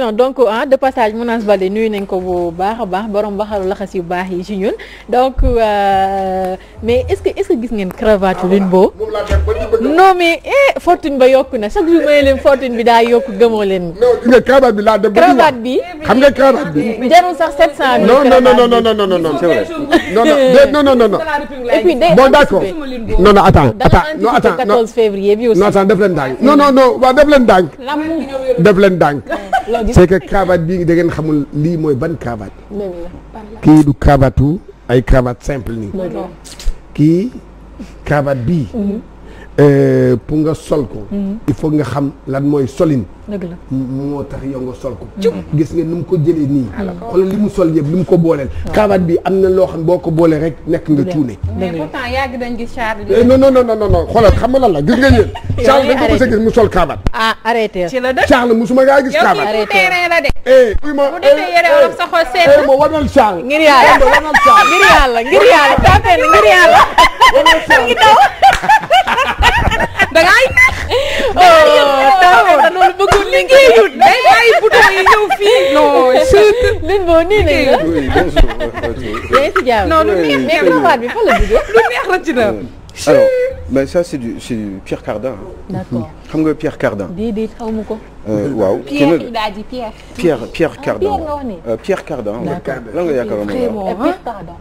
excellent donc ah de passage Mounas Balde nuyu nañ ko bu baax a baax borom baxalu laxas yu baax yi ci ñun donc euh, mais est-ce gis ngeen cravate lune boo ah, non mais eh ba yokku na chaque jour may leen fortune bi daa yokk gëmoo leen. non gis nga cravate bi laa dem ba. cravate bi xam nga cravate bi. jarul sax 700 mille. non non non non non non non non c'est vrai non non non puis day bon d'accord non non attends attends non attends 14 février bi aussi. non def leen dànk def leen dànk. c'est que cravate bii da ngeen xamul lii mooy ban cravate. kii du cravatu ay crabat simple nii. kii cravate bii. Mhm. Euh, pour nga sol ko. Mm-hmm. il faut nga xam lan mooy solin. la moo tax yow nga sol ko. gis nga ni mu ko jëlee nii. xoolal li mu sol yëpp li mu ko booleel. cravate bi am na loo xam boo ko boolee rek nekk nga cuune. mais pourtant yàgg nañ gis Charles. Eh, non non non non non xoolal xam nga lan la gis nga yéen. Charles dañ ko mos a gis mu sol cravate. ah arrêté ci la dëkk Charles musuma ngaa gis. cravate yow kii terrain la de. Eh, bu defee eh, sa xol seet. ma wanal Charles. ngir yàlla ngir yàlla ngir yàlla ngir yàlla. da ngay oh, nax noonu bëggul liggéeyut day bàyyi bouton yi ñëw fii non lin boo nii nañ la ci jàmm non lu neex mais cravate bi fa la jógee lu neex la ci na euh, alors mais ça c'est du c'est du Pierre Cardin d'accord xam nga Pierre Cardin déedéet xaw ma ko euh, waaw Pierre daa ji Pierre Pierre Pierre ah, Cardin Pierre euh, Cardin lan nga yaakaar moom Pierre Cardin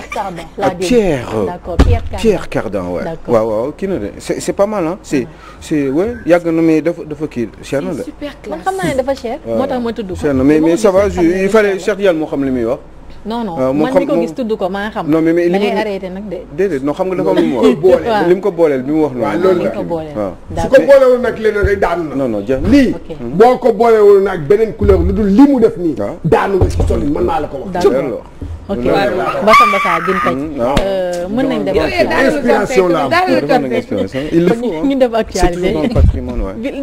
Pierre Cardin. laa ah, dégg Pierre euh, d'accord Pierre Cardin waaw. waaw waaw kii na de c'est c'est pas mal ah. c'est c'est yàgg na mais dafa dafa kii cher na de. super classe man xam naa ne dafa cher. moo tax ma tudd ko cher na mais mais ça va il fallait Cheikh moo xam li muy wax. no non euh, man mi ko gis tudd ko maa xam. no mais li ma arrêté nag de. xam nga dafa am lu mu wax. boole li mu ko booleel bi mu wax. waaw loolu la waaw. su ko boolewul nag leneen rek daanu na. non non boo ko boolewul nag beneen couleur lu dul li mu def nii. Ah. daanu nga ci soli mën naa la ko wax. ok Mbassa Mbassa gin tey. mën nañ dem inspiration la il le faut ñu def actualité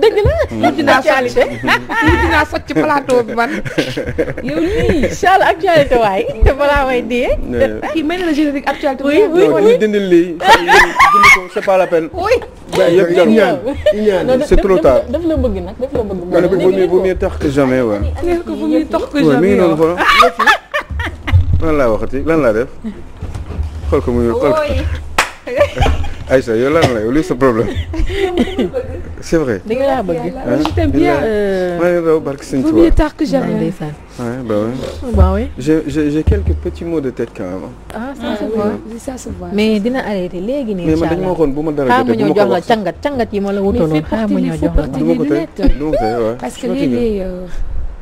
dëgg la. ñu dinaa socc ñu dinaa socc plateau bi man. yow lii Charles actualité waay te balaa may dee. kii may na la générique actualité. oui oui oui ñu dindi lii. c'est pas la peine. oui. c'est trop tard. daf la bëgg nag daf la bëgg. vaut mieux vaut mieux tard que jamais waaw. vaut mieux tard que jamais waaw mi ngi noonu lan laa waxati lan laa def xool ko muy xool Aïssa yow lan la yow luy sa problème c'est vrai. da nga laa bëgg. je t'aime bien. Euh, maa ngi raw barke Sëñ Tuubaa. vaut mieux tard que jamais ndeysaan. bah oui. j'ai j'ai quelques petits maux de tête quand même. ah ça ah, se voit ça se voit. mais dina arrêté léegi nii. mais man dañu ma waxoon bu ma dara jotee bu ma ko wax xaaral ma ñëw jox la càngat càngat yi ma la wutoon. mais fii partie il faut partie des lunettes. parce que léegi. Euh,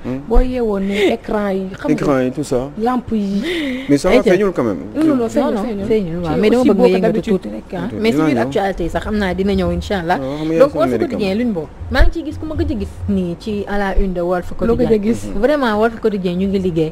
boo yeewoon ni écran yi. xam nga écran yi tout ça. lampe yi. mais ça va feeñul quand même. non non feeñul waaw mais dama bëgg nga yëngatu tuuti ah. Ah, mais si biir actualité sax xam naa dina ñëw incha allah. Ah, donc Walf Quotidien luñ boobu. maa ngi ciy gis ku ma gëj a gis. nii ci à la une de Walf Quotidien. loo gëj a gis vraiment Walf Quotidien ñu ngi liggéey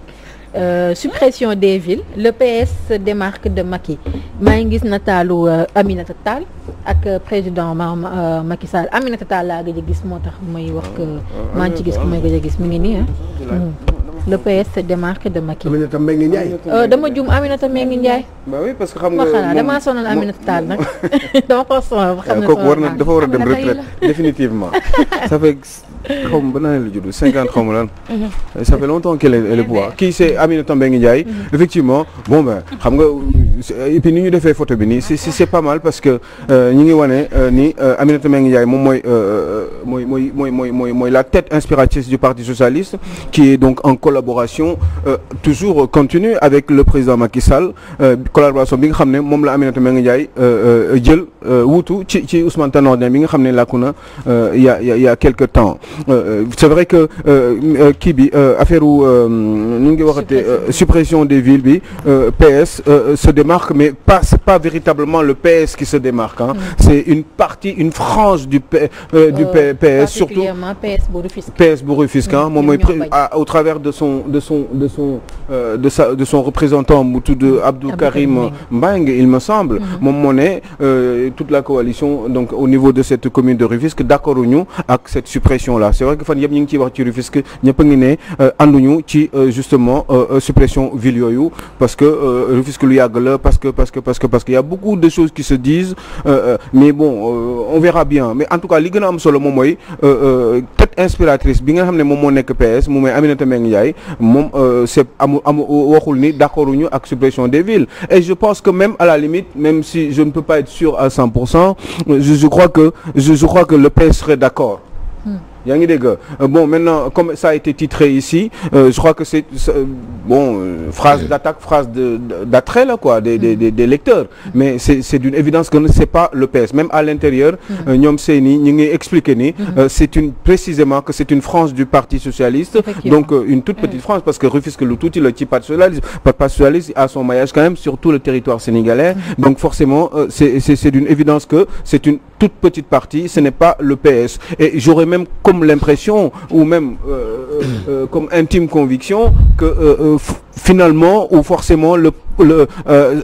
Euh, suppression des villes le PS se démarque de Macky maa ngi gis nataalu euh, Aminata Tall ak euh, président maam euh, Macky Sall Aminata Tall laa gëj gis moo tax may wax que ah, ah, maa ngi ci gis ku ah, may gëj a gis mi ngi nii le PS se démarque de Macky. Aminata Mbengue Ndiaye. Euh, dama jum Aminata Mbengue Ndiaye. ba oui parce que xam nga moom damaa sonal Aminata Tall nag dama ko sonal xam nga eh, war a dem retraite définitivement. ça fait xaw ma ban année la juddu cinquante xaw ma lan. Mhm. ça fait longtemps qu'elle est elle est pouvoir eh kii c'est Aminata Mbengue Ndiaye. Mhm. effectivement bon ben xam nga ni ñu defee photo bi nii c'est c'est pas mal parce que euh, ñi ngi wane euh, ni Aminata Mbengue Ndiaye moom mooy la tête inspiratrice collaboration euh, toujours continue avec le président Macky Sall euh, collaboration bi nga xam ne moom la Aminata Mbengue Ndiaye euh, jël wuutu ci ci Ousmane Tanor Dieng bi nga xam ne làkku na a a quelque temps c'est vrai que kii bi affaire wu ñu ngi waxatee suppression des villes bi PS se démarque mais pas c'est véritablement le PS qui se démarque mm. c'est une partie du PS surtout PS bu Rufisque au travers de son de son de son euh, de sa de son représentant mu tudd Abdou Karim Mbang il me semble mhm. moom moo ne euh, toute la coalition donc au niveau de cette commune de Rufisque d'accord uñu ak cette suppression là c'est vrai que fan yëpp ñu ngi ciy wax ci a euh, ville yooyu parce que Rufisque lu yàgg la parce que parce que parce que parce que y a beaucoup de choses qui se disent mais bon on verra bien mais en tout cas li am solo moom mooy tête inspiratrice bi nga xam ne moom moo nekk PS moom ne moom euh, c'est amu amu waxul ni d'accorduñu ak suppression des villes et je pense que même à la limite même si je ne peux pas être sûr à 100 pour cent je je crois que je je crois que le PS serait d'accord. Hmm. yaa ngi dégg euh, bon maintenant comme ça a été titré ici euh, je crois que c'est euh, euh, phrase d'attaque phrase d'attrait des lecteurs mais c'est d'une évidence que c'est pas le PS même à l'intérieur ñoom mm-hmm. seeni ñu ngi ni mm-hmm. c'est une précisément que c'est une frange du Parti socialiste donc euh, une toute mm. petite frange parce que Rufisque lu tuuti la Parti socialiste Parti socialiste a son maillage sur tout le territoire sénégalais mm-hmm. donc forcément c'est c'est évidence que c'est une toute petite partie comme l'impression ou même euh, euh, euh, comme intime conviction que finalement ou forcément le le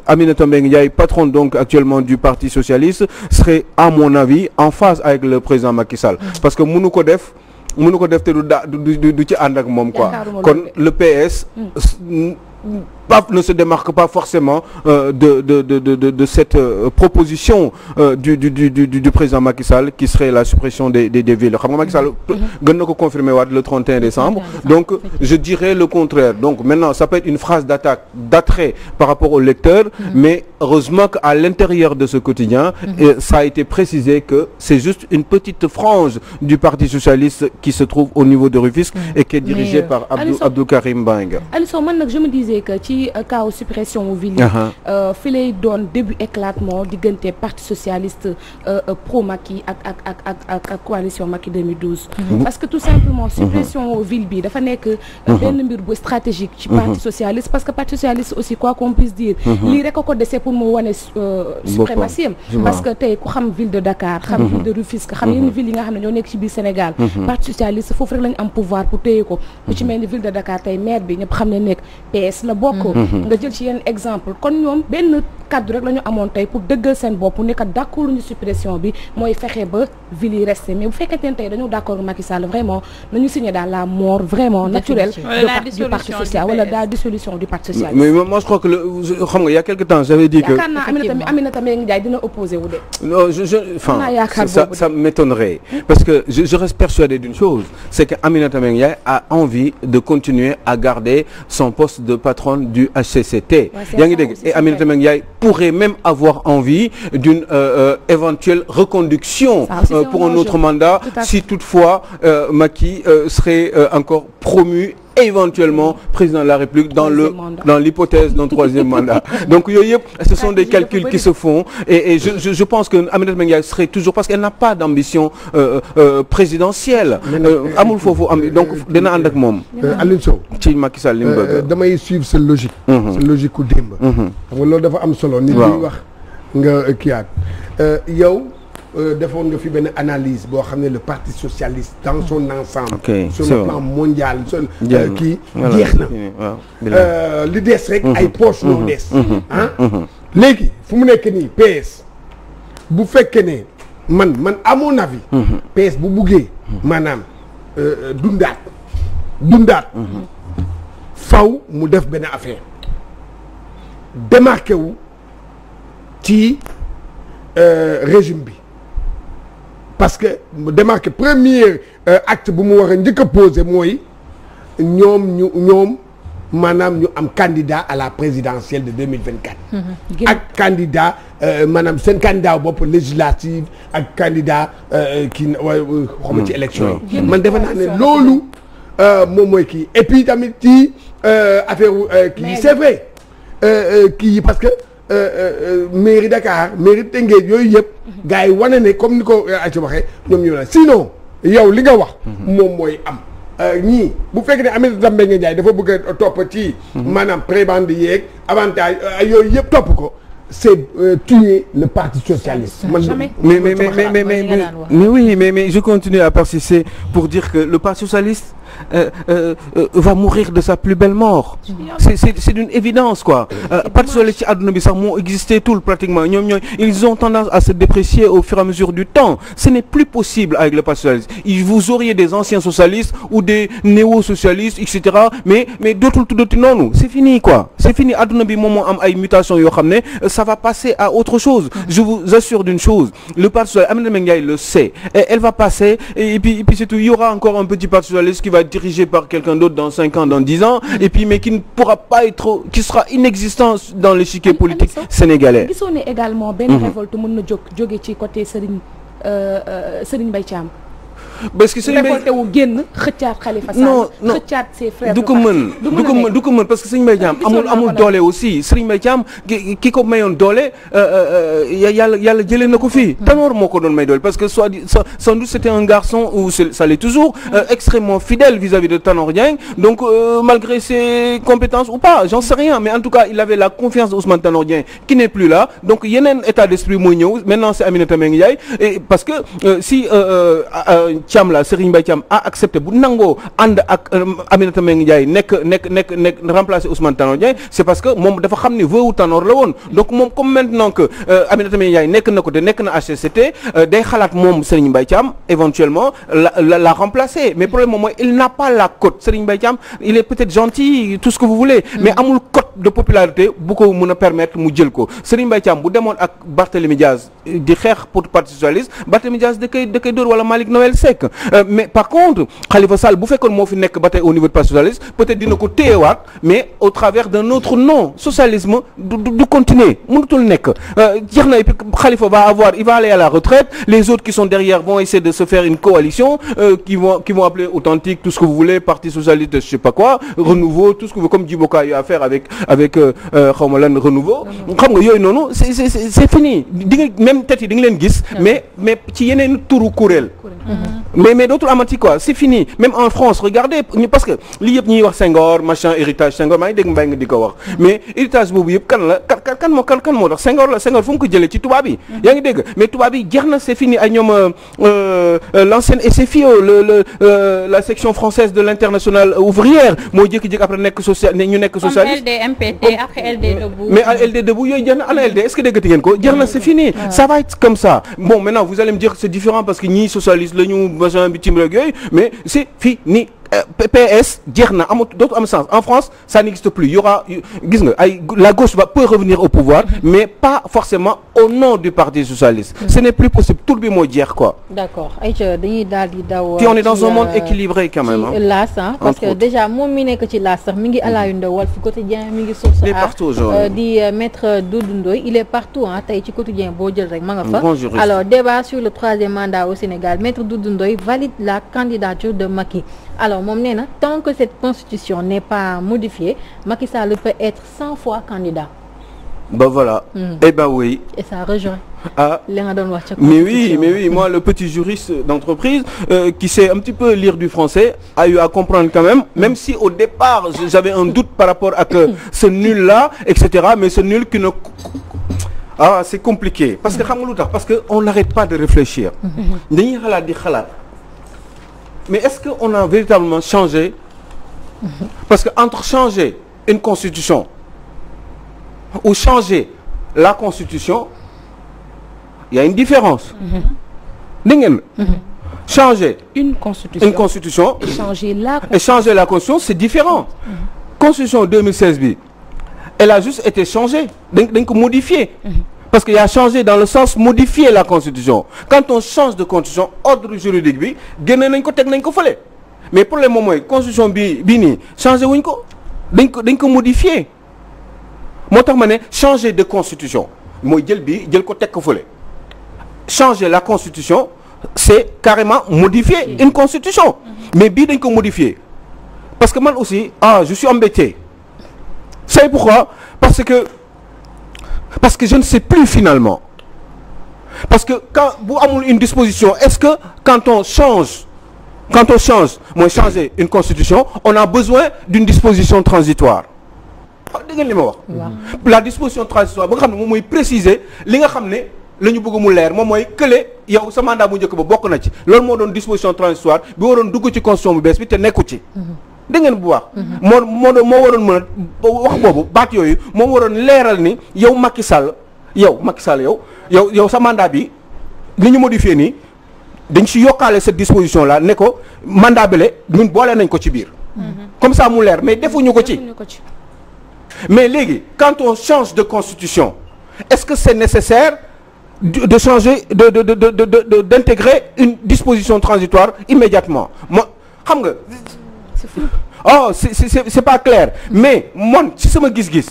Aminata Mbengue Ndiaye patron donc actuellement du Parti socialiste serait à mon avis en phase avec le président Macky Sall mm-hmm. parce que mënu ko te du da du ci le PS mm. pas, ne se démarque pas forcément euh, de, cette proposition du, président Macky qui serait la suppression des, villes. Mm-hmm. Mm-hmm. je dirais le contraire. Donc maintenant ça peut être une phrase d'attaque, d'attrait par rapport au lecteur, mm-hmm. mais heureusement qu'à l'intérieur de ce quotidien, mm -hmm. et euh, a été précisé que c'est juste une petite frange du Parti socialiste qui se trouve au niveau de Rufisque et qui est dirigée euh, par Abdou, Karim Bang. préciser que ci kaw euh, suppression wu Villiers euh, fi lay doon début éclatement diggante parti socialiste euh, pro Macky ak ak ak ak ak ak coalition Macky 2012 mmh. parce que tout simplement mmh. suppression wu ville bi dafa nekk mmh. benn mbir bu stratégique ci parti socialiste parce que parti socialiste aussi quoi qu'on puisse dire lii rek a ko dese pour mu wane suprématie parce que tey ku xam ville de Dakar xam ville de Rufisque xam yenn ville yi nga xam ne ñoo nekk ci biir Sénégal parti socialiste bees la bokk mhm. Mhm. nga jël ci yenn exemple kon ñoom benn kaddu rek la amoon tey pour dëggal seen bopp ni kat d'accord ñu suppression bi mooy fexe ba ville yi resté mais bu fekkente ne tey dañu d'accord Macky Sall vraiment nañu signé daal la mort vraiment naturelle du parti social wala la dissolution du parti social mais je crois que xam nga il quelque temps j'avais dit que Aminata Aminata dina opposé wu de enfin ça m'étonnerait parce que je reste patronne du HCCT yaa ngi dégg et Aminata Mbengue Ndiaye pourrait même avoir envie d'une euh, euh éventuelle reconduction euh, pour un autre mandat si toutefois euh, Macky euh, serait encore promu éventuellement président de la République dans le dans l'hypothèse d'un troisième mandat donc yooyu yëpp ce sont des calculs qui se font et et je je pense que Aminata Mbengue Ndiaye serait toujours parce qu'elle n'a pas d'ambition euh, euh, présidentielle euh, amul foofu am donc dina ànd ak moom Aliou Sow ci Macky Sall li mu bëgg damay suivre sa logique mhm. sa logique ku démb mhm. xam nga loolu dafa am solo nit ñuy wax nga kiyaat yow Euh, defoon nga fi benn analyse boo xam ne le parti socialiste dans son ensemble. Okay. sur le plan mondial. kii euh, jeex na euh, li des rek ay mhm. poche moo mhm. des. Mhm. Ah? léegi fu mu nekk nii PS bu fekkee ne man man amoon mon fi PS bu buggee maanaam dundaat dundaat. faw mu def benn affaire démarqué wu ci régime bi. parce que démarqué premier euh, act bu mu war a njëkk a posé mooy ñoom ñu ñoom maanaam ñu am candidat à la présidentielle de 2024 mm-hmm. ak candidat euh, maanaam seen candidat bopp législative ak candidat euh, kii xawma ci mm-hmm. élection yi man defe naa ne loolu moom mooy kii et puis tamit ci affaire kii c'est vrai kii yi parce que Euh, euh, euh, mairie Dakar mairie Tëngéej yooyu yëpp. gars yi wane ne comme ni ko ay ci waxee ñoom ñu naan sinon yow li nga wax. Mhm. moom mooy am. ñii bu fekkee ne Aminata Mbengue Ndiaye dafa bëgg a topp ci. Mhm. maanaam prébende yeeg avantage yooyu yëpp topp ko. c'est tuer le parti socialiste. mais oui mais je continue à persister pour dire que le parti socialiste. Euh, euh, euh, va mourir de sa plus belle mort c'est c'est c'est d'une évidence quoi parti socialiste ci àdduna bi sax moo existé tout pratiquement ñoom ñooy ils ont tendance à se déprécier au fur et à mesure du temps ce n'est plus possible avec le parti socialiste il vous auriez des anciens socialistes ou des néo-socialistes etc mais mais dootul tuddati noonu c'est fini quoi c'est fini àdduna bi moom moo am ay mutations yoo xam ne euh, ça va passer à autre chose je vous assure d'une chose le parti socialiste Aminata Mbengue Ndiaye le sait elle va passer et puis et puis surtout il y aura encore un petit parti socialiste qui va va être dirigé par quelqu'un d'autre dans 5 ans, dans 10 ans, et puis mais qui ne pourra pas être, qui sera inexistant dans l'échiquier politique sénégalais. gisoon ne également benn mhm. révolte mën na ci côté euh, euh, parce que sëñ Mbaye wu génn xëccaat Khalifa Sall non non xëccaat ses frères du du ko mën parce que sëñ Mbaye Thiam amul amul doole aussi sëñ Mbaye Thiam ki ko mayoon doole euh, euh, euh, yàlla yàlla jëlee na ko fii mm-hmm. Tanor moo ko doon may doole parce que soit sans doute c'était un garçon ou ça l'est toujours mm-hmm. extrêmement fidèle vis-à-vis de Tanor Dieng donc malgré ses compétences ou pas j'en sais rien mais en tout cas il avait la confiance d'Ousmane Tanor Dieng qui n'est plus là donc yeneen état d'esprit mooy ñëw maintenant c'est Aminata Mbengue Ndiaye parce que si Thiam la Serigne Mbaye Thiam a accepté bu nangoo ànd euh, Aminata Mbengue Ndiaye nekk nekk nekk nekk remplacé Ousmane Tanor Dieng que moom dafa xam ni veuve Tanor la woon donc moom euh, nekk na ko te euh, day xalaat moom Serigne Mbaye Thiam éventuellement la la mais problème moom mooy il n'a pas la cote Serigne Mbaye Thiam il est peut gentil tout ce que vous voulez mais amul cote de popularité bu ko mën permettre mu jël ko Serigne Mbaye Thiam bu demoon ak Barthélemy Diaz euh, di xeex pour parti socialiste Barthélemy Diaz da koy da koy wala Malick Noël Seck euh, mais par contre Khalifa Sall bu fekkoon moo fi nekk ba tey au niveau du parti socialiste peut-être dina ko téyewaat mais au travers nekk euh, jeex na et puis Khalifa va avoir il va aller à la retraite les autres qui sont derrière vont essayer de se faire une coalition qui vont appeler authentique tout ce que vous voulez parti socialiste je comme Djibo Ka a avec euh, euh, xaw ma lan renouveau xam nga yooyu noonu c'est c'est c'est fini di même tête yi di nga leen gis mais mais ci yeneen tour kuréel Mm-hmm. mais mais dootul amati quoi c'est fini même en France regardez parce que lii yëpp ñuy wax Senghor machin héritage Senghor maa ngi dégg Mbaye nga di wax mais héritage boobu yëpp kan la kan kan moo kan la Senghor fu mu ko jëlee ci tubaab mm-hmm. yaa ngi dégg mais tubaab yi na c'est fini ay ñoom euh, euh, euh, l'ancienne SFIO le le la section française de l'internationale ouvrière moo jékki ñu nekk socialiste comme LD MPT après LD LD Debout yooyu jeex ana LD est-ce que déggati ngeen ko jeex na c'est mm-hmm. fini la ñu a bi cim rek yooyu mais c'est fini Euh, PS jeex na amut dootu am sens en France ça n'existe plus il aura ay la gauche va peut revenir au pouvoir mm-hmm. mais pas forcément au nom du parti socialiste mm-hmm. ce n'est plus possible tur bi moo jeex quoi d'accord ayca dañuy daal di daw on est dans un monde euh, équilibré quand même parce que déjà moom mi nekk ci laas sax mi ngi à la mm-hmm. une de Walf Quotidien mi ngi source euh, a di maître Doudou Ndoye il est partout ah tey ci quotidien boo jël rek ma nga fa alors débat sur le troisième mandat au Sénégal la candidature de Macky alors moom nee na tant que cette constitution n'est pas modifiée Macky Sall peut être cent fois candidat. ba voilà. Mmh. eh ben oui. et ça rejoint. ah li nga doon wax ca mais oui mais oui moi le petit juriste d'entreprise euh, qui sait un petit peu lire du français a eu à comprendre quand même même si au départ j'avais un doute par rapport à que ce nul là et cetera mais ce nul qui ne ah c'est compliqué. parce que xam nga lu tax parce que on n'arrête pas de réfléchir. Hmm. dañuy xalaat di xalaat. mais est-ce que on a véritablement changé parce que entre changer une constitution ou changer la constitution il y a une différence mm-hmm. dégg ngeen mm-hmm. changer une constitution une constitution et changer la constitution, et changer la constitution c'est différent mm-hmm. constitution 2016 bi elle a juste été changée dañ dañ ko modifier parce qu'il a changé dans le sens modifier la constitution quand on change de constitution ordre juridique bi génne nañ ko teg nañ ko fële mais problème moom mooy constitution bi bii nii changé wuñ ko dañ ko dañ ko modifier moo tax ma ne changer de constitution mooy jël bi jël ko teg ko fële changer la constitution c'est carrément modifier une constitution mm-hmm. mais bii dañ ko modifier parce que man aussi ah je suis embêté c'est pourquoi parce que parce que je ne sais plus finalement parce que quand bu amul une disposition est-ce que quand on change quand on change mooy changer une constitution on a besoin d'une disposition transitoire dégg ngeen li ma wax la disposition transitoire ba nga xam ne moom mooy préciser li nga xam ne la ñu bëgg mu leer moom mooy kële yow sa mandat bu njëkk ba bokk na ci loolu moo doon disposition transitoire bi waroon dugg ci constitution bu bees bi te nekku ci mhm. dégg ngeen bu baax. moo moo moo waroon mën a wax boobu baat yooyu moo waroon leeral ni yow Macky Sall yow Macky Sall yow yow yow sa mandat bi li ñu modifié nii dañ si yokkaale cette disposition là ne ko mandat bi le ñun boolee nañ ko ci biir. Mm-hmm. comme ça mu leer mais defuñu ko ci. mais léegi quand on change de constitution est-ce que c'est nécessaire de changer de de de de de d'intégrer une disposition transitoire immédiatement mo xam nga. c'est fou oh c'est c'est c'est pas clair mais man si sama gis-gis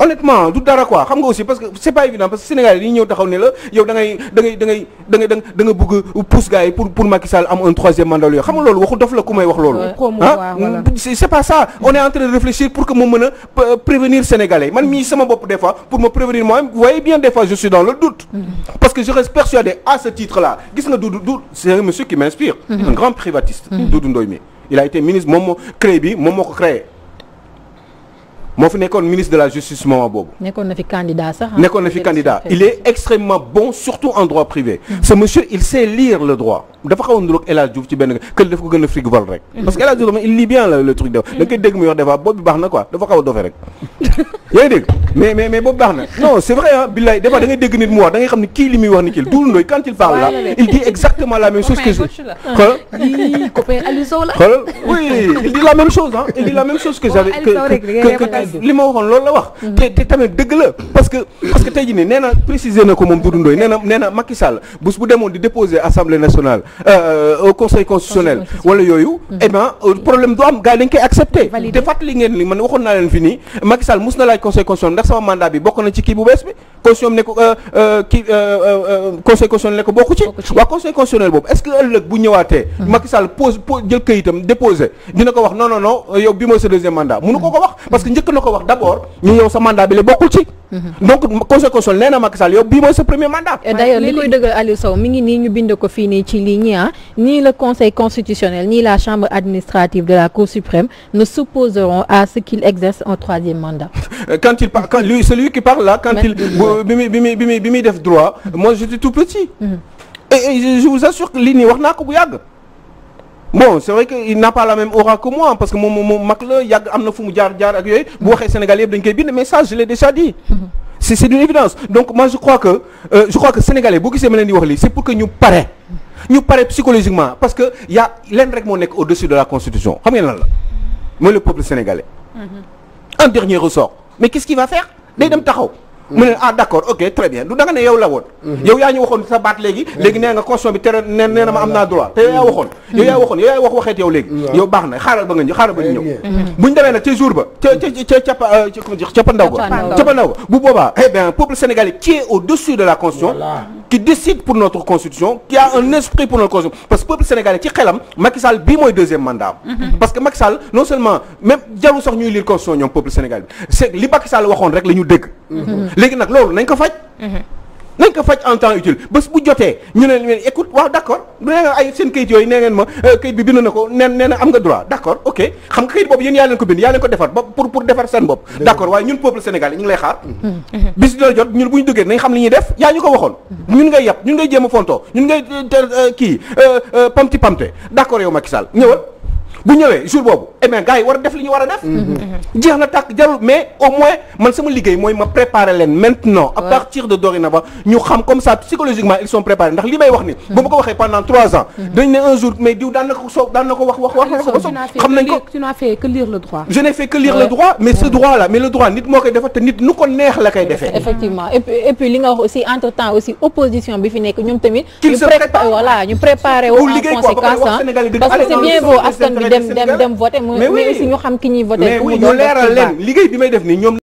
honnêtement du dara quoi xam nga aussi parce que c'est pas évident parce que Sénégal yi ñëw taxaw ne la yow da ngay da ngay da ngay da ngay da nga bëgg a pousse gars yi pour pour Macky Sall am un troisième mandat yooyu xam nga loolu waxu dof la ku may wax loolu. ah mm, c'est pas ça. on est en train de réfléchir pour que ma mën a prévenir sénégalais man mii sama bopp des fois pour ma prévenir moi-même vous voyez bien des fois je suis dans le doute. Mm-hmm. parce que je reste persuadé à ce titre là gis nga Doudou Doudou c'est un monsieur qui m'inspire. Mm-hmm. un grand privatiste. Mm-hmm. Doudou Ndoye mi. il a été ministre moom moo créé bi moom moo ko créé moo fi nekkoon ministre de la justice moment boobu. nekkoon na fi candidat sax. nekkoon na fi candidat il est extrêmement bon surtout en droit privé. Mm-hmm. ce monsieur il sait lire le droit. dafa xaw a nduroog El Hadj Diouf ci benn kër daf ko gën a frigvole rek. Mm-hmm. parce que El Hadj Diouf il lit bien la le truc mm-hmm. da nga dégg muy wax des fois bi baax na quoi dafa xaw a dofe rek. yaa ngi dégg mais mais mais baax na non c' est vrai ah billaay des dégg nit mu wax da xam ne kii li muy wax ni kii la Doudou Ndoye quand il il dit exactement la même chose que je. xoolal lii il dit la même chose que j'avais que li ma waxoon loolu di déposer assemblée nationale Euh, au conseil constitutionnel wala yooyu mm-hmm. eh euh, problème du am gars yi koy accepté te fàttali ngeen ni man waxoon naa leen fi nii Macky mus na laaj conseil constitutionnel ndax sama mandat bi bokk ci waa conseil constitutionnel boobu est que ëllëg bu ñëwaatee mm-hmm. Macky pose jël kayitam déposé dina ko wax non non non bi mooy sa deuxième mandat mënu ko ko wax parce que njëkk na ko wax d'abord ñu yow sa mandat bi la bokkul ci mm-hmm. donc conseil constitutionnel ñi ah ni le conseil constitutionnel ni la chambre administrative de la cour suprême ne s'opposeront à ce qu'il exerce un troisième mandat euh, quand il parle quand lui parle là quand il euh, bi muy bi muy bi muy bi muy def droit moi j'étais tout mhm. n'a la même aura que moi parce que moom moom la yàgg am na fu mu jaar jaar ak yooyu bu mhm. waxee Sénégal yëpp dañ koy bind mais ça je l'ai déjà dit mhm. c'est d'une évidence donc je crois que euh, je crois ñu pare psychologiquement parce que ya leen rek moo nekk au-dessus de la constitution xam ngeen lan la mooy le peuple sénégalais. en mm-hmm. dernier ressort. mais qu'est-ce qu'il va faire day dem taxaw. Mm-hmm. mu ne ah d'accord ok très bien du danga ne yow la woon. Mm-hmm. yow yaa ñu waxoon sa baat léegi. léegi nee nga constitution bi tere nee ma am naa droit te yow yaa waxoon. yow yaa waxoon yow yaa wax waxeet yow léegi. yow baax na xaaral ba nga ñëw xaaral ba ñu ñëw. bu ñu demee nag ca jour ba ca ca la qui décide pour notre constitution qui a un esprit pour notre constitution parce que peuple sénégalais ci xelam Macky Sall mooy deuxième mandat am mhm. parce que Macky Sall non seulement même jarul sax ñuy lire constitution ñoom peuple sénégalais bi c'est li Macky waxoon rek la ñu dégg mhm. léegi nag loolu nañ ko faj mhm. nañ ko faj en temps utile bés bu jotee ñu ne leen écoute waaw d' accord nee nga ay seen kayit yooyu nee ngeen ma euh, kayit bi bind na ko nee nee na am nga droit d' accord ok xam nga kayit boobu yéen yaa leen ko bind yaa leen ko defar ba pour pour defar seen bopp d' waaye ñun peuple sénégalais ñu ngi lay xaar mm. Mm. bis dina jot ñun bu ñu duggee nañ xam li ñu def yaa ñu ko waxoon mm. ñun ngay yàpp ñun ngay jéem a fontoo ñun ngay kii euh, euh, pamti pamte d' accord yow Macky Sall ñëwal bu ñëwee jour boobu eh bien war def li ñu war def. Mhm. Mhm. jeex na tàkk jarul mais au moins man sama liggéey mooy ma préparer leen maintenant. à partir de dorénavant ñu xam comme ça psychologiquement ils sont préparés ndax li may wax ni. Mhm. ba ma ko waxee pendant trois ans. dañ ne un jour mais diw daan na ko soob daan na ko wax wax wax na ko ba soob. xam nañ ko tu n'as fait fait que lire le droit mais ce droit là mais le droit nit moo koy defar te nit nu ko neex la koy defee. effectivement mais oui mais aussi ñu xam ki ñuy voté. mu ñu leeral leen liggéey bi may def nii ñoom.